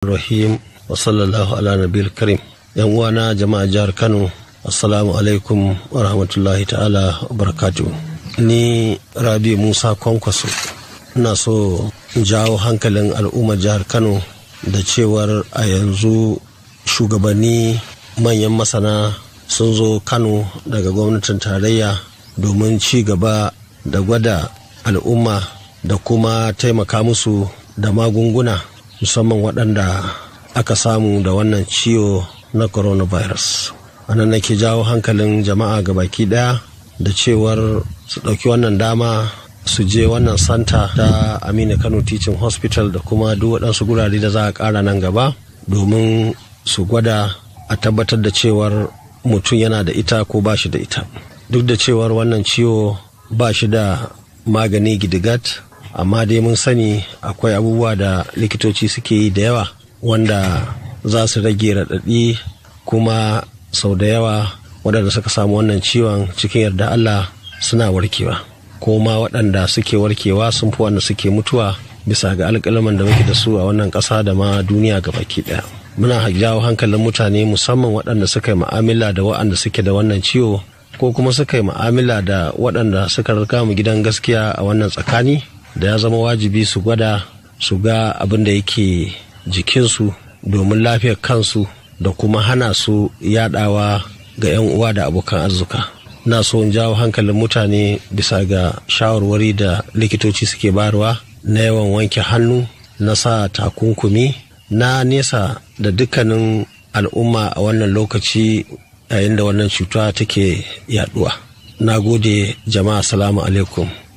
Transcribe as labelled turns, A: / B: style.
A: rahim wa sallallahu ala nabil karim yan uwana jama'a jihar kano assalamu alaikum wa rahmatullahi ta'ala wa barakatu ni rabi musa kwankwaso ina so jawo hankalin al'umma jihar kano da cewar a yanzu shugabanni manyan masana sun zo kano daga gwamnatin tarayya domin ci gaba da gwada al'umma da kuma taimaka musu da magunguna musamman waɗanda aka samu da wannan ciwo na coronavirus a nan nake jawo hankalin jama'a ga baki ɗaya da cewar su ɗauki wannan dama su je wannan santa ta amina kano teaching hospital da kuma duk waɗansu gurare da za a ƙara nan gaba domin su gwada a tabbatar da cewar mutum yana da ita ko ba shi da ita duk da cewar wannan ciwo ba shi da magani gidigat amma dai mun sani akwai abubuwa da likitoci suke yi da yawa wanda za su rage raɗaɗi kuma sau da yawa waɗanda suka samu wannan ciwon cikin yarda Allah suna warkewa ko ma waɗanda suke warkewa sun fi wanda suke mutuwa bisa ga alƙalaman da muke da su a wannan ƙasa da ma duniya ga baki ɗaya muna jawo hankalin mutane musamman waɗanda suka yi mu'amala da waɗanda suke da wannan ciwo ko kuma suka yi ma'amala da waɗanda suka riga mu gidan gaskiya a wannan tsakani da ya zama wajibi su gwada su ga abin da yake jikinsu domin lafiyar kansu da kuma hana su yadawa ga 'yan uwa da abokan arzuka na so in jawo hankalin mutane bisa ga shawarwari da likitoci suke barwa na yawan wanke hannu na sa takunkumi na nesa da dukkanin al'umma a wannan lokaci yayin da wannan cuta take yaduwa na gode jama'a salamu alaikum